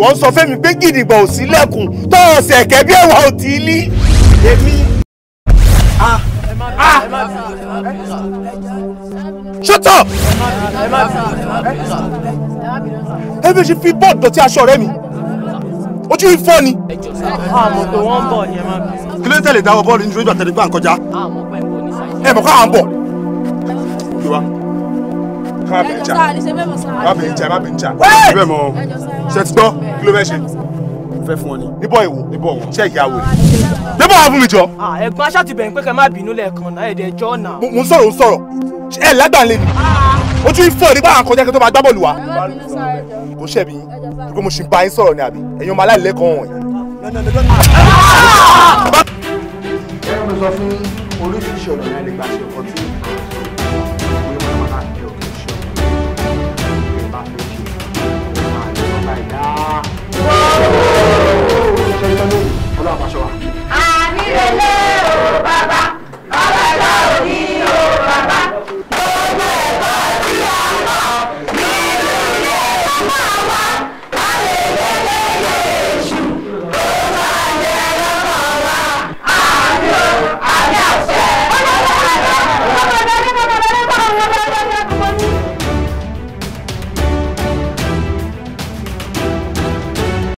wọ́n sọ fẹ́mi pé gidigba ò sí lẹ́kùn tó ọ̀sẹ̀ ẹ̀kẹ́ bí ẹ̀wà ò tí ì lí. èmi ah. Ah. shut up. ẹ bí o ṣe fi bọ́ọ̀dù dọ̀tí aṣọ rẹ mi ojú ifọ̀ ni. ni kí ló ń tẹ̀lé dáwọ́ bọ́ọ̀lù nítorí ìgbà tẹ̀lé gbà ń kọjá. Ah, ẹ mọ̀ à ń bọ̀ má bẹ̀ ń jà má bẹ̀ ń jà má bẹ̀ ń jà bẹ́ẹ̀ mọ ṣe ti gbọ́ kí ló fẹ́ ṣe. fẹ́ fún ọ ni. níbọ̀ ìwò níbọ̀ wọn ṣe ìyá wò ni. níbọ̀ wà fún mi jọ. ẹ̀gbọ́n aṣá ti bẹ̀rẹ̀ pé kẹ́ má bínú lẹ́ẹ̀kan náà ẹ̀dẹ̀ ẹjọ́ náà. mo ń sọ̀rọ̀ ń sọ̀rọ̀ ẹ̀ lágbàlẹ̀ ni ah. ojú ìfọ̀ nígbà àwọn akọjá kí tó máa gbá bọ́ọ̀lù wa. kò ṣẹ̀bi pé mo ṣì ń bá yín sọ̀rọ̀ ni àbí ẹ̀yin ọmọ aláìlẹ́kọ̀ọ́ wọ̀nyí. Ah. ẹ mo sọ fún oríṣiríṣi ọ̀nà náà ṣe ọkọ̀